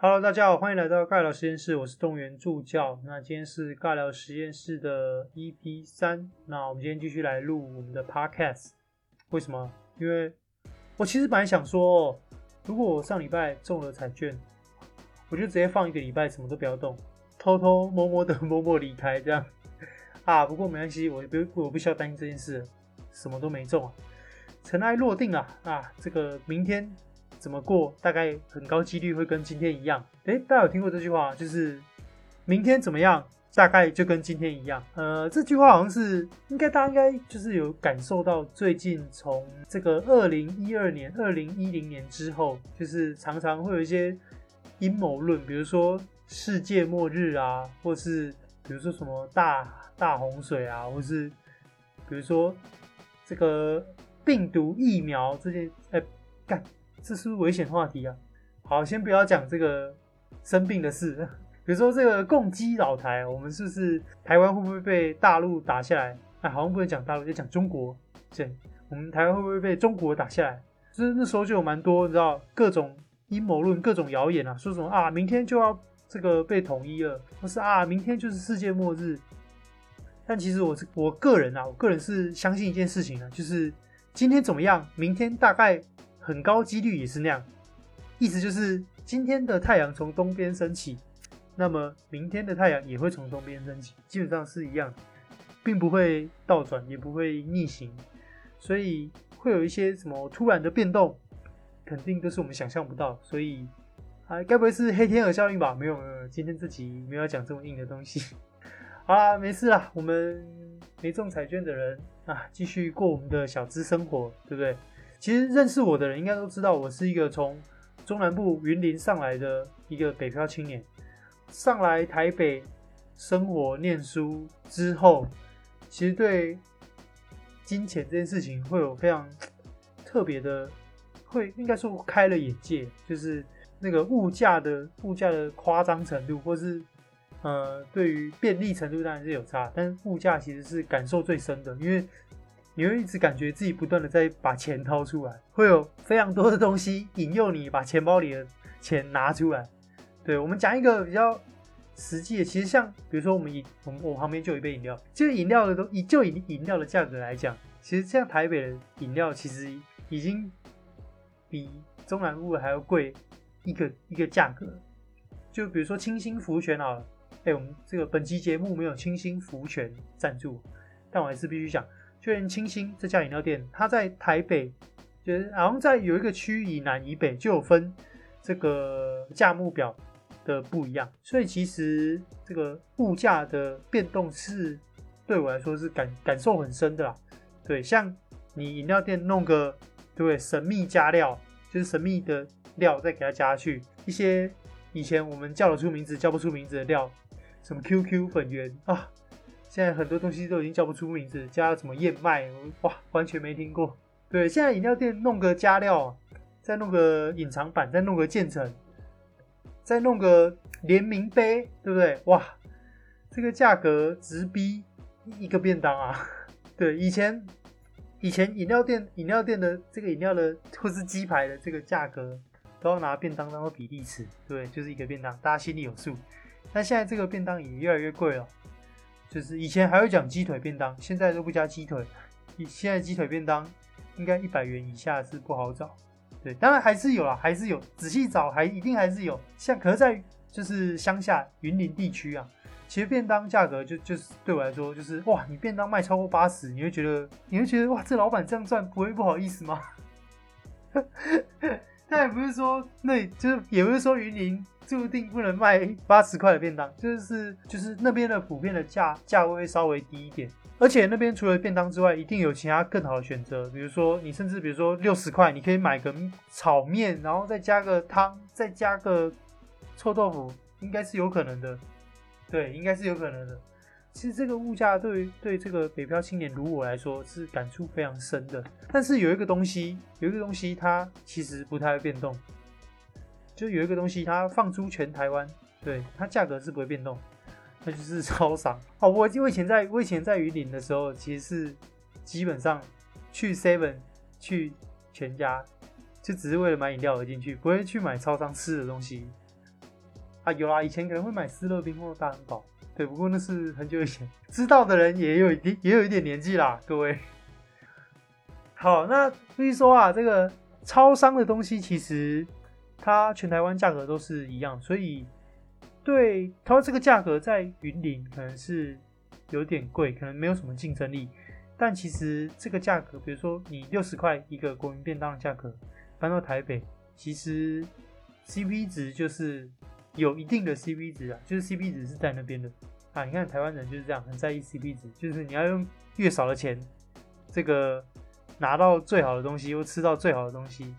Hello，大家好，歡迎來到尬聊實驗室，我是動物園助教。那今天是尬聊實驗室的 EP 3，那我們今天繼續來錄我們的 Podcast。為什麼？因為我其實本來想說，哦，如果我上禮拜中了彩券，我就直接放一個禮拜，什麼都不要動，偷偷摸摸的默默離開這樣。啊，不過沒關係，我也不我不需要擔心這件事，什麼都沒中，啊。塵埃落定啊啊。這個明天，怎麼過？大概很高幾率會跟今天一樣。誒、欸，大家有聽過這句話，就是明天怎麼樣，大概就跟今天一樣。呃，這句話好像是應該大家應該就是有感受到，最近從這個二零一二年、二零一零年之後，就是常常會有一些陰謀論，比如說世界末日啊，或是比如說什麼大大洪水啊，或是比如說這個病毒疫苗這些，哎、欸，幹。這是不是危險話題啊？好，先不要講這個生病的事。比如說這個共機繞台，我們是不是台灣會不會被大陸打下來？哎，好像不能講大陸，就講中國。對，我們台灣會不會被中國打下來？就是那時候就有蠻多，你知道各種陰謀論、各種謠言啊，說什麼啊，明天就要這個被統一了，或是啊，明天就是世界末日。但其實我這我個人啊，我個人是相信一件事情的啊，就是今天怎麼樣，明天大概。很高幾率也是那樣，意思就是今天的太陽從東邊升起，那麼明天的太陽也會從東邊升起，基本上是一樣，並不會倒轉，也不會逆行，所以會有一些什麼突然的變動，肯定都是我們想象不到。所以啊，該不會是黑天鵝效應吧？沒有、呃、今天這集沒有要講這麼硬的東西。好啦，沒事啦，我們沒中彩券的人啊，繼續過我們的小資生活，對不對？其實認識我的人應該都知道，我是一個從中南部雲林上來的一個北漂青年，上來台北生活念書之後，其實對金錢這件事情會有非常特別的，會應該說開了眼界，就是那個物價的物價的誇張程度，或是呃對於便利程度當然是有差，但是物價其實是感受最深的，因為。你會一直感覺自己不斷的在把錢掏出來，會有非常多的東西引誘你把錢包裡的錢拿出來。對，我們講一個比較實際的，其實像比如說我們飲，我們我旁邊就有一杯飲料，就飲料的都就以就飲飲料的價格來講，其實像台北的飲料其實已經比中南部還要貴一個一個價格。就比如說清心福全啊，哎，我們這個本期節目沒有清心福全贊助，但我還是必須講。圓清新這家飲料店，它在台北，就是好像在有一個區以南以北就有分這個價目表的不一樣，所以其實這個物價的變動是對我來說是感感受很深的啦。對，像你飲料店弄個對神秘加料，就是神秘的料再給它加去一些以前我們叫得出名字叫不出名字的料，什麼 QQ 粉圓啊。現在很多東西都已經叫不出名字，加什麼燕麥，哇，完全沒聽過。對，現在飲料店弄個加料，再弄個隱藏版，再弄個漸層，再弄個聯名杯，對不對？哇，這個價格直逼一個便當啊！對，以前以前飲料店飲料店的這個飲料的或是雞排的這個價格，都要拿便當當比例尺，對，就是一個便當，大家心裡有數。但現在這個便當也越來越貴了。就是以前還會講雞腿便當，現在都不加雞腿。現在雞腿便當應該一百元以下是不好找。對，當然還是有啦，還是有，仔細找還一定還是有。像，可是，在就是鄉下雲林地區啊，其實便當價格就就是對我來說就是哇，你便當賣超過八十，你會覺得你會覺得哇，這老板這樣賺不會不好意思嗎？ 但也不是說那，就是也不是說雲林。注定不能賣八十塊的便當，就是就是那邊的普遍的價價位稍微低一點，而且那邊除了便當之外，一定有其他更好的選擇。比如說你甚至比如說六十塊，你可以買個炒麵，然後再加個湯，再加個臭豆腐，應該是有可能的。對，應該是有可能的。其實這個物價對對這個北漂青年如我來說是感觸非常深的。但是有一個東西，有一個東西它其實不太會變動。就有一個東西它，它放出全台灣，對它價格是不會變動，那就是超商。哦，我我以前在我以前在雲林的時候，其實是基本上去 Seven 去全家，就只是為了買飲料而進去，不會去買超商吃的東西。啊，有啦，以前可能會買思樂冰或大亨堡，對，不過那是很久以前，知道的人也有也有一點年紀啦，各位。好，那所以說啊，這個超商的東西其實。它全台灣價格都是一樣，所以對，它這個價格在雲林可能是有點貴，可能沒有什麼競爭力。但其實這個價格，比如說你六十塊一個國民便當的價格搬到台北，其實 CP 值，就是有一定的 CP 值啊，就是 CP 值是在那邊的啊。你看台灣人就是這樣，很在意 CP 值，就是你要用越少的錢，這個拿到最好的東西，又吃到最好的東西。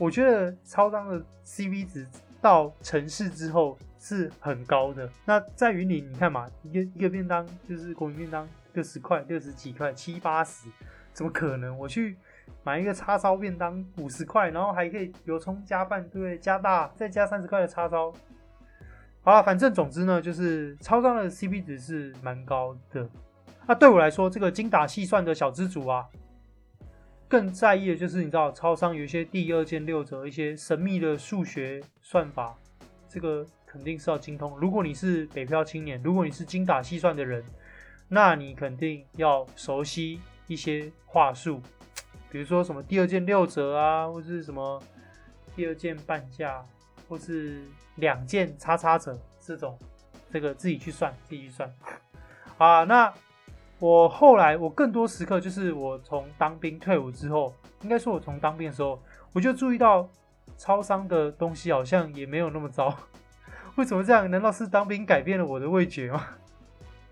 我覺得超商的 CP 值到城市之後是很高的。那在雲林，你看嘛，一個一個便當就是國民便當六十塊、六十幾塊、七八十，怎麼可能？我去買一個叉燒便當五十塊，然後還可以油蔥加飯，對不對？加大再加三十塊的叉燒。好啦，反正總之呢，就是超商的 CP 值是蠻高的。那、啊、對我來說，這個精打細算的小資族啊。更在意的就是，你知道，超商有一些第二件六折，一些神秘的數學算法，這個肯定是要精通。如果你是北漂青年，如果你是精打細算的人，那你肯定要熟悉一些話術，比如說什麼第二件六折啊，或是什麼第二件半價，或是兩件叉叉折，這種，這個自己去算，自己去算。啊，那。我後來，我更多時刻就是我從當兵退伍之後，應該說，我從當兵的時候，我就注意到超商的東西好像也沒有那麼糟。為什麼這樣？難道是當兵改變了我的味覺嗎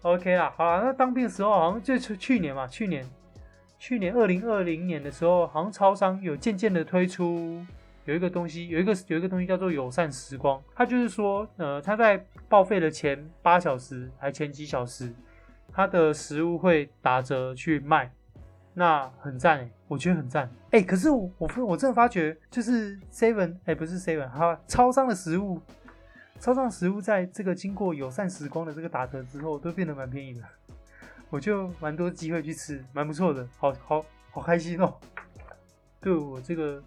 ？OK 啊，好啦，那當兵的時候好像就是去年嘛，去年，去年二零二零年的時候，好像超商有漸漸的推出有一個東西，有一個有一個東西叫做友善時光，它就是說，呃，它在報廢的前八小時還前幾小時。它的食物會打折去賣，那很贊誒，我覺得很贊誒，欸，可是我我我真的發覺，就是 Seven 哎，不是 Seven，哈，超商的食物，超商的食物在這個經過友善時光的這個打折之後，都變得蠻便宜的，我就蠻多機會去吃，蠻不錯的，好好好開心哦。對我這個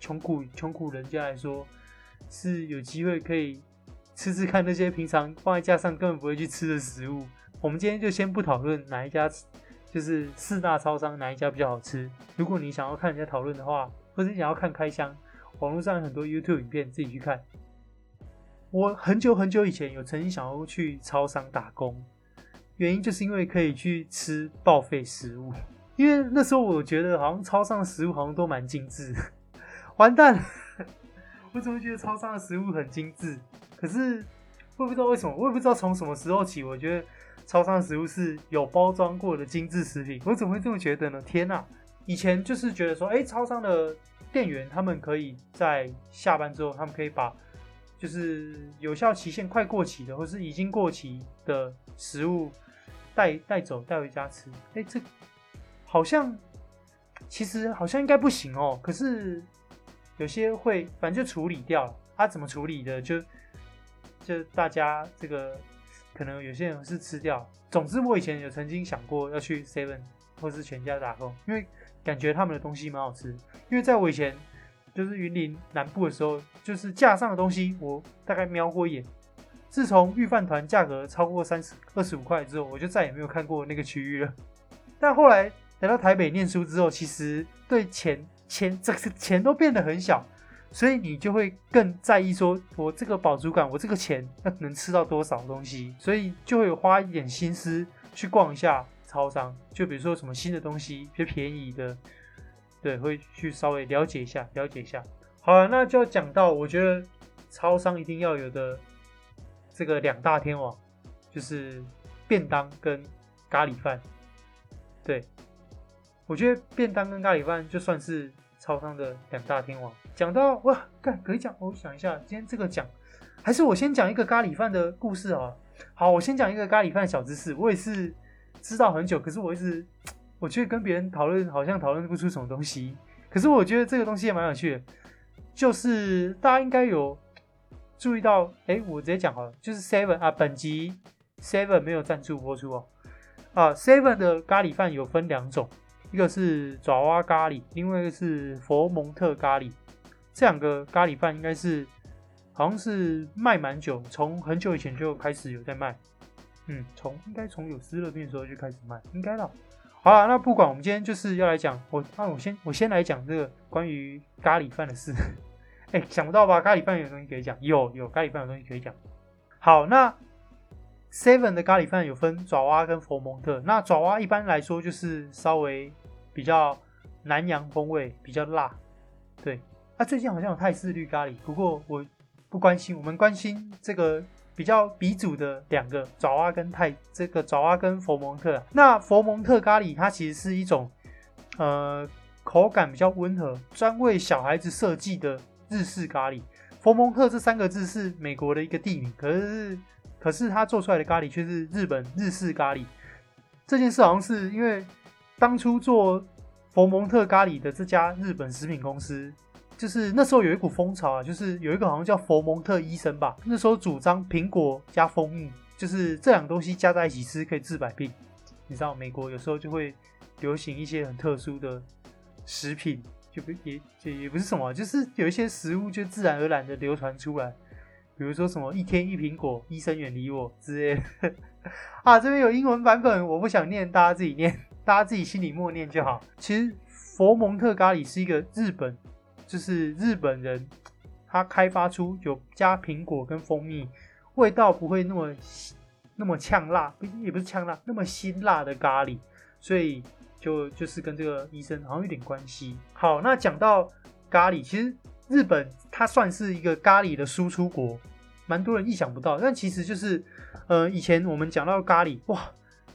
窮苦窮苦人家來說，是有機會可以。吃吃看那些平常放在架上根本不會去吃的食物。我們今天就先不討論哪一家，就是四大超商哪一家比較好吃。如果你想要看人家討論的話，或者你想要看開箱，網絡上有很多 YouTube 影片，自己去看。我很久很久以前有曾經想要去超商打工，原因就是因為可以去吃報廢食物。因為那時候我覺得好像超商的食物好像都蠻精緻。完蛋，我怎麼覺得超商的食物很精緻？可是我也不知道為什麼，我也不知道從什麼時候起，我覺得超商的食物是有包裝過的精緻食品。我怎麼會這麼覺得呢？天哪！以前就是覺得說，哎，超商的店員他們可以在下班之後，他們可以把就是有效期限快過期的，或是已經過期的食物帶帶走帶回家吃。哎，這好像其實好像應該不行哦。可是有些會，反正就處理掉了。他怎麼處理的？就。就大家這個，可能有些人是吃掉。總之，我以前有曾經想過要去 Seven 或是全家打工，因為感覺他們的東西蠻好吃。因為在我以前就是雲林南部的時候，就是架上的東西我大概瞄過一眼。自從御飯糰價格超過三十二十五塊之後，我就再也沒有看過那個區域了。但後來來到台北念書之後，其實對錢錢這個錢都變得很小，所以你就會更在意，說我這個飽足感，我這個錢那能吃到多少東西，所以就會花一點心思去逛一下超商，就比如說什麼新的東西，比較便宜的，對，會去稍微了解一下，了解一下。好了，那就要講到我覺得超商一定要有的這個兩大天王，就是便當跟咖喱飯，對，我覺得便當跟咖喱飯就算是超商的兩大天王。講到哇，該可以講，我、哦、想一下，今天這個講，還是我先講一個咖喱飯的故事啊。好，我先講一個咖喱飯的小知識。我也是知道很久，可是我一直我覺得跟別人討論好像討論不出什麼東西。可是我覺得這個東西也蠻有趣的，就是大家應該有注意到，哎、欸，我直接講好了，就是 Seven 啊，本集 Seven 沒有贊助播出哦。啊，Seven 的咖喱飯有分兩種，一個是爪哇咖喱，另外一個是佛蒙特咖喱。這兩個咖喱飯應該是，好像是賣蠻久，從很久以前就開始有在賣。嗯，從應該從有思樂冰的時候就開始賣，應該啦。好了，那不管我們今天就是要來講，我那、啊、我先我先來講這個關於咖喱飯的事。哎，想不到吧？咖喱飯有東西可以講，有有咖喱飯有東西可以講。好，那 Seven 的咖喱飯有分爪哇跟佛蒙特。那爪哇一般來說就是稍微比較南洋風味，比較辣。啊，最近好像有泰式綠咖喱，不過我不關心，我們關心這個比較鼻祖的兩個爪哇跟泰，這個爪哇跟佛蒙特。那佛蒙特咖喱它其實是一種，呃，口感比較溫和，專為小孩子設計的日式咖喱。佛蒙特這三個字是美國的一個地名，可是可是它做出來的咖喱卻是日本日式咖喱。這件事好像是因為當初做佛蒙特咖喱的這家日本食品公司。就是那時候有一股風潮啊，就是有一個好像叫佛蒙特醫生吧，那時候主張蘋果加蜂蜜，就是這兩個東西加在一起吃可以治百病。你知道美國有時候就會流行一些很特殊的食品，就不也也也不是什麼啊，就是有一些食物就自然而然的流傳出來，比如說什麼一天一蘋果，醫生遠離我之類的。啊，這邊有英文版本，我不想念，大家自己念，大家自己心裡默念就好。其實佛蒙特咖喱是一個日本。就是日本人，他開發出有加蘋果跟蜂蜜，味道不會那麼那麼嗆辣，也不是嗆辣，那麼辛辣的咖喱，所以就就是跟這個醫生好像有點關係。好，那講到咖喱，其實日本它算是一個咖喱的輸出國，蠻多人意想不到。但其實就是，呃，以前我們講到咖喱，哇，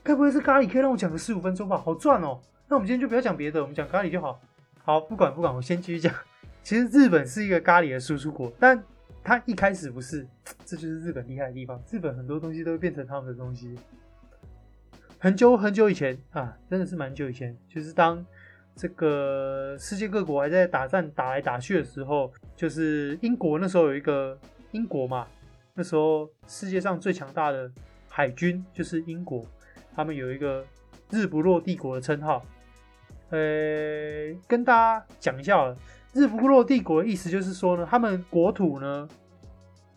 該不會是咖喱可以讓我講個四五分鐘吧？好賺哦、喔。那我們今天就不要講別的，我們講咖喱就好。好，不管不管，我先繼續講。其實日本是一個咖喱的輸出國，但它一開始不是，這就是日本厲害的地方。日本很多東西都會變成他們的東西。很久很久以前啊，真的是蠻久以前，就是當這個世界各國還在打戰打來打去的時候，就是英國那時候有一個英國嘛，那時候世界上最強大的海軍就是英國，他們有一個“日不落帝國”的稱號。呃，跟大家講一下。日不落帝國的意思就是說呢，他們國土呢，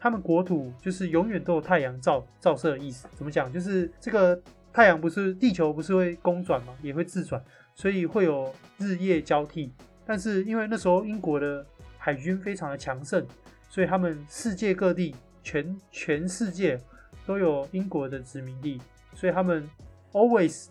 他們國土就是永遠都有太陽照照射的意思。怎麼講？就是這個太陽不是地球不是會公轉嘛，也會自轉，所以會有日夜交替。但是因為那時候英國的海軍非常的強盛，所以他們世界各地全全世界都有英國的殖民地，所以他們 always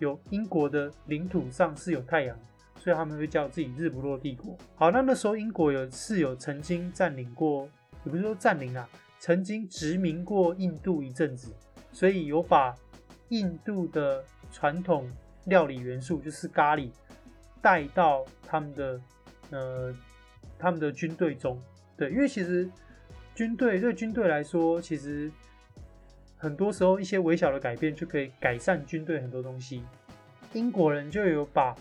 有英國的領土上是有太陽。所以他們會叫自己“日不落帝國”。好，那那時候英國有是有曾經占領過，也不是說占領啊，曾經殖民過印度一陣子，所以有把印度的傳統料理元素，就是咖喱，帶到他們的呃他們的軍隊中。對，因為其實軍隊對、這個、軍隊來說，其實很多時候一些微小的改變就可以改善軍隊很多東西。英國人就有把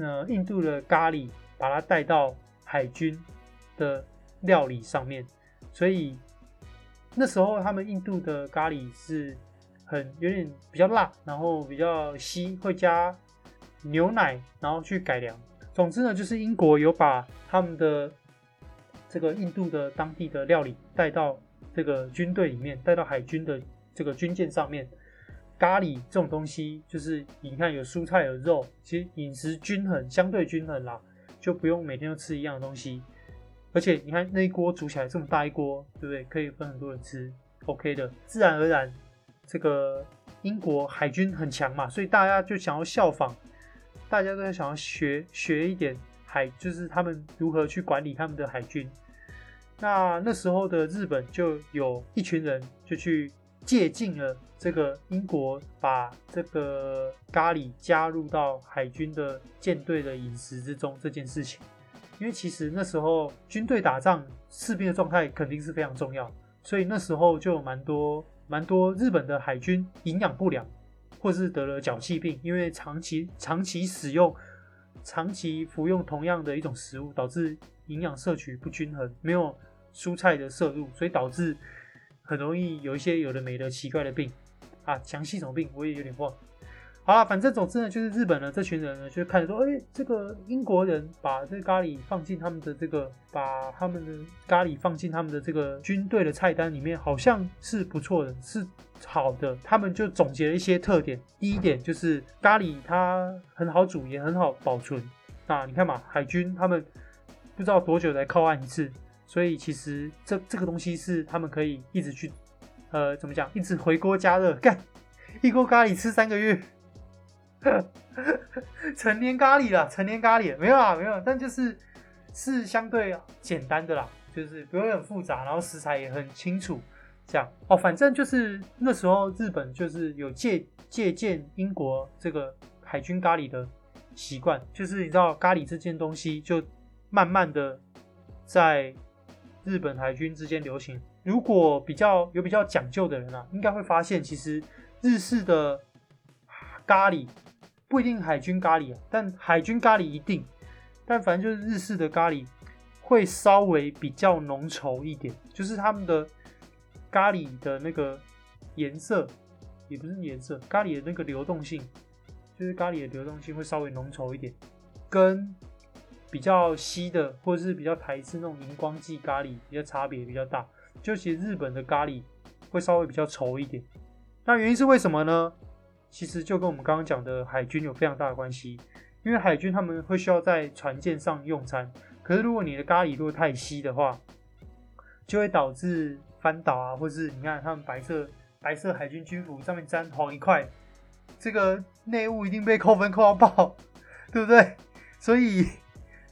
呃，印度的咖喱，把它帶到海軍的料理上面，所以那時候他們印度的咖喱是很有點比較辣，然後比較稀，會加牛奶，然後去改良。總之呢，就是英國有把他們的這個印度的當地的料理帶到這個軍隊裡面，帶到海軍的這個軍艦上面。咖喱這種東西，就是你看有蔬菜有肉，其實飲食均衡，相對均衡啦，就不用每天都吃一樣的東西。而且你看那一鍋煮起來這麼大一鍋，對不對？可以分很多人吃，OK 的。自然而然，這個英國海軍很強嘛，所以大家就想要效仿，大家都在想要學學一點海，就是他們如何去管理他們的海軍。那那時候的日本就有一群人就去。借鑒了這個英國把這個咖喱加入到海軍的艦隊的飲食之中這件事情，因為其實那時候軍隊打仗士兵的狀態肯定是非常重要，所以那時候就有蠻多蠻多日本的海軍營養不良，或是得了腳氣病，因為長期長期使用長期服用同樣的一種食物，導致營養攝取不均衡，沒有蔬菜的攝入，所以導致。很容易有一些有的沒的奇怪的病啊，詳細什麼病我也有點忘。好了，反正總之呢，就是日本的這群人呢，就看說，哎、欸，這個英國人把這個咖喱放進他們的這個，把他們的咖喱放進他們的這個軍隊的菜單裡面，好像是不錯的，是好的。他們就總結了一些特點，第一點就是咖喱它很好煮，也很好保存。那你看嘛，海軍他們不知道多久才靠岸一次。所以其實這這個東西是他們可以一直去，呃，怎麼講？一直回鍋加熱，幹一鍋咖喱吃三個月，成年咖喱了，成年咖喱沒有啊，沒有，但就是是相對簡單的啦，就是不用很複雜，然後食材也很清楚，這樣哦。反正就是那時候日本就是有借借鑑英國這個海軍咖喱的習慣，就是你知道咖喱這件東西就慢慢的在。日本海軍之間流行，如果比較有比較講究的人啊，應該會發現，其實日式的咖喱不一定海軍咖喱啊，但海軍咖喱一定，但反正就是日式的咖喱會稍微比較濃稠一點，就是他們的咖喱的那個顏色，也不是顏色，咖喱的那個流動性，就是咖喱的流動性會稍微濃稠一點，跟。比較稀的，或是比較台式那種熒光劑咖喱，比較差別比較大。就其實日本的咖喱會稍微比較稠一點。那原因是為什麼呢？其實就跟我們剛剛講的海軍有非常大的關係，因為海軍他們會需要在船艦上用餐。可是如果你的咖喱如果太稀的話，就會導致翻倒啊，或是你看他們白色白色海軍軍服上面沾黃一塊，這個內務一定被扣分扣到爆，對不對？所以。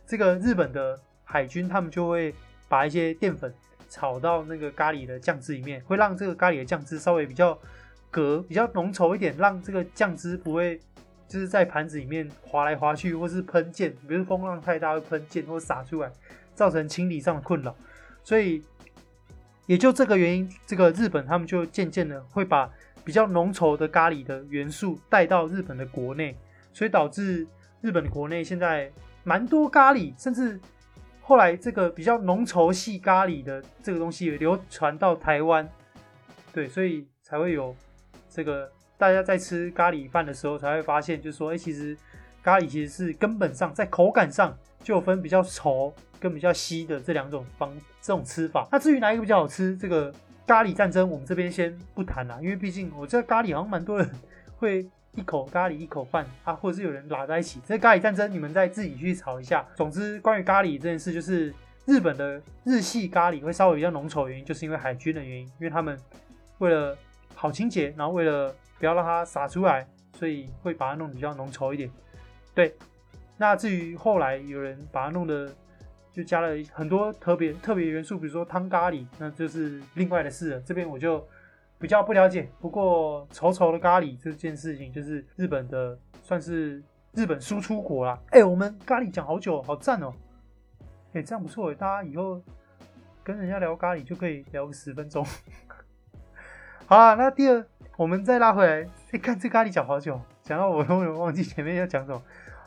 這個日本的海軍，他們就會把一些澱粉炒到那個咖喱的醬汁裡面，會讓這個咖喱的醬汁稍微比較隔、比較濃稠一點，讓這個醬汁不會就是在盤子裡面滑來滑去，或是噴濺，比如風浪太大會噴濺或灑出來，造成清理上的困擾。所以也就這個原因，這個日本他們就漸漸的會把比較濃稠的咖喱的元素帶到日本的國內，所以導致日本的國內現在。蠻多咖喱，甚至後來這個比較濃稠系咖喱的這個東西流傳到台灣，對，所以才會有這個大家在吃咖喱飯的時候才會發現，就是說，哎、欸，其實咖喱其實是根本上在口感上就有分比較稠跟比較稀的這兩種方這種吃法。那至於哪一個比較好吃，這個咖喱戰爭我們這邊先不談啦、啊，因為畢竟我覺得咖喱好像蠻多人會。一口咖喱一口飯啊，或者是有人拉在一起，這咖喱戰爭你們再自己去炒一下。總之，關於咖喱這件事，就是日本的日系咖喱會稍微比較濃稠，原因就是因為海軍的原因，因為他們為了好清潔，然後為了不要讓它灑出來，所以會把它弄得比較濃稠一點。對，那至於後來有人把它弄得就加了很多特別特別元素，比如說湯咖喱，那就是另外的事了。這邊我就。比較不了解，不過醜醜的咖喱這件事情就是日本的，算是日本輸出國啦。哎、欸，我們咖喱講好久，好讚哦、喔！哎、欸，這樣不錯哎，大家以後跟人家聊咖喱就可以聊十分鐘。 好啊，那第二，我們再拉回來，哎、欸，看這咖喱講好久，講到我都有忘記前面要講什麼。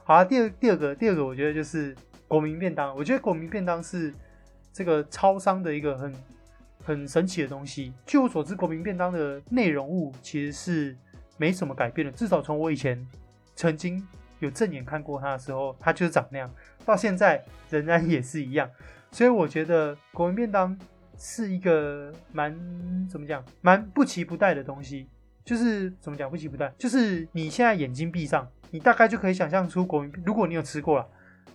好啊，第二第二個第二個，二個我覺得就是國民便當，我覺得國民便當是這個超商的一個很。很神奇的東西。據我所知，國民便當的內容物其實是沒什麼改變的。至少從我以前曾經有正眼看過它的時候，它就是長那樣，到現在仍然也是一樣。所以我覺得國民便當是一個蠻怎麼講，蠻不期不待的東西。就是怎麼講，不期不待，就是你現在眼睛閉上，你大概就可以想象出國民。如果你有吃過啦，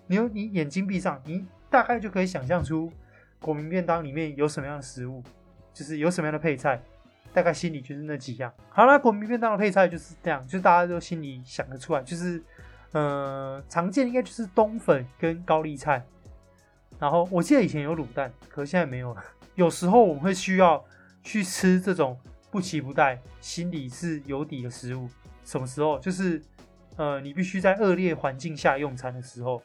你有你眼睛閉上，你大概就可以想象出。國民便當裡面有什麼樣的食物？就是有什麼樣的配菜？大概心裡就是那幾樣。好啦，國民便當的配菜就是這樣，就是大家都心裡想得出來。就是，嗯、呃，常見應該就是冬粉跟高麗菜。然後我記得以前有滷蛋，可是現在沒有了。有時候我們會需要去吃這種不期不待、心裡是有底的食物。什麼時候？就是，呃，你必須在惡劣環境下用餐的時候。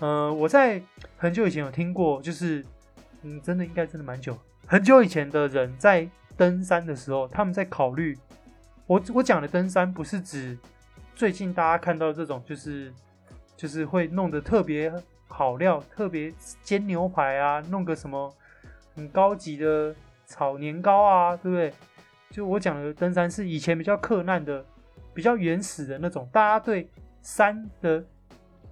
呃，我在很久以前有聽過，就是。嗯，真的應該真的蠻久，很久以前的人在登山的時候，他們在考慮。我我講的登山不是指最近大家看到的這種，就是就是會弄得特別好料，特別煎牛排啊，弄個什麼很高級的炒年糕啊，對不對？就我講的登山是以前比較克難的，比較原始的那種，大家對山的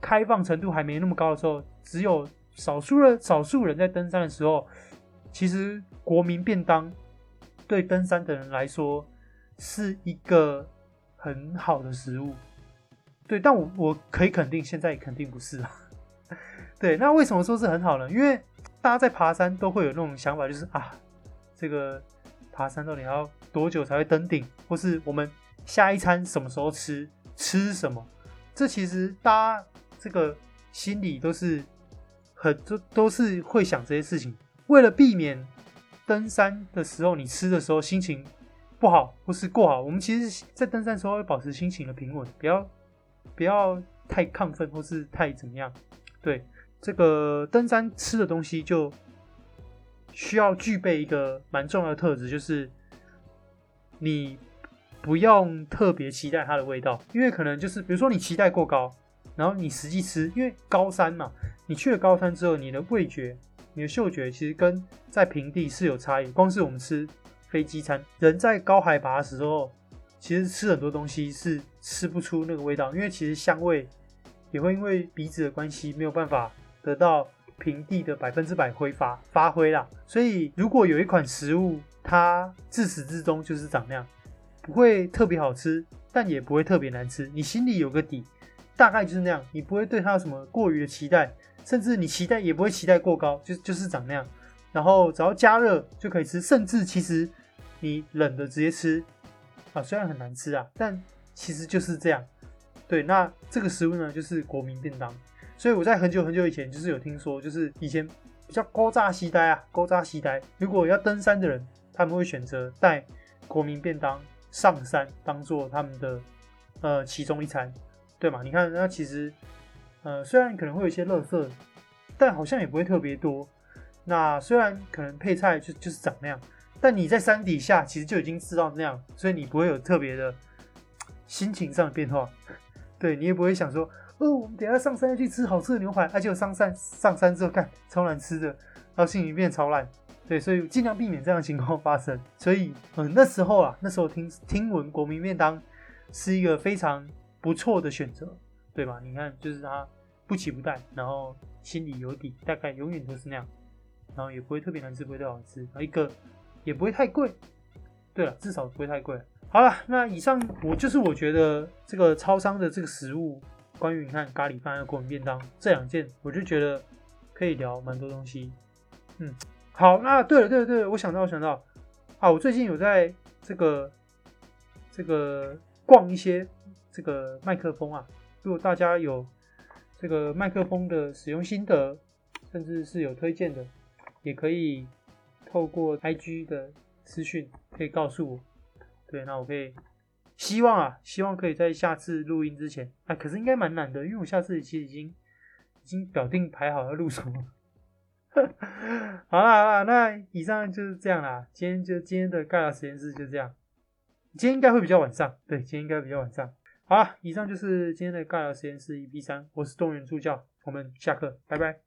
開放程度還沒那麼高的時候，只有。少數的少數人在登山的時候，其實國民便當對登山的人來說是一個很好的食物。對，但我我可以肯定，現在也肯定不是了啊。對，那為什麼說是很好呢？因為大家在爬山都會有那種想法，就是啊，這個爬山到底要多久才會登頂，或是我們下一餐什麼時候吃吃什麼？這其實大家這個心裡都是。很多都是會想這些事情。為了避免登山的時候你吃的時候心情不好或是過好，我們其實，在登山的時候會保持心情的平穩，不要不要太亢奮或是太怎麼樣。對，這個登山吃的東西，就需要具備一個蠻重要的特質，就是你不用特別期待它的味道，因為可能就是比如說你期待過高，然後你實際吃，因為高山嘛。你去了高山之後，你的味覺、你的嗅覺其實跟在平地是有差異。光是我們吃飛機餐，人在高海拔的時候，其實吃很多東西是吃不出那個味道，因為其實香味也會因為鼻子的關係沒有辦法得到平地的百分之百揮發發揮啦。所以，如果有一款食物，它自始至終就是長那樣，不會特別好吃，但也不會特別難吃，你心裡有個底，大概就是那樣，你不會對它有什麼過於的期待。甚至你期待也不會期待過高，就就是長那樣，然後只要加熱就可以吃，甚至其實你冷的直接吃啊，雖然很難吃啊，但其實就是這樣。對，那這個食物呢，就是國民便當。所以我在很久很久以前就是有聽說，就是以前比較古早時代啊，古早時代，如果要登山的人，他們會選擇帶國民便當上山，當做他們的呃其中一餐，對嗎？你看，那其實。呃，雖然可能會有一些垃圾，但好像也不會特別多。那雖然可能配菜就就是長那樣，但你在山底下其實就已經知道那樣，所以你不會有特別的心情上的變化。對你也不會想說，哦，我們等一下上山要去吃好吃的牛排，哎、啊，而且我上山上山之後，看，超難吃的，然後心情變超爛。對，所以盡量避免這樣的情況發生。所以，呃，那時候啊，那時候聽聽聞國民便當是一個非常不錯的選擇，對吧？你看，就是他。不急不待，然後心裡有底，大概永遠都是那樣，然後也不會特別難吃，不會特別好吃，然後一個也不會太貴，對了，至少不會太貴。好了，那以上我就是我覺得這個超商的這個食物，關於你看咖喱飯、國民便當這兩件，我就覺得可以聊蠻多東西。嗯，好，那對了，對了，對了，我想到，我想到啊，我最近有在這個這個逛一些這個麥克風啊，如果大家有。這個麥克風的使用心得，甚至是有推薦的，也可以透過 IG 的私訊可以告訴我。對，那我可以希望啊，希望可以在下次錄音之前啊，可是應該蠻難的，因為我下次其實已經已經表定排好要錄什麼。 好了好了，那以上就是這樣啦，今天就今天的尬聊實驗室就這樣。今天應該會比較晚上，對，今天應該比較晚上。好了，以上就是今天的尬聊實驗室 EP 三，我是動物園助教，我們下課，拜拜。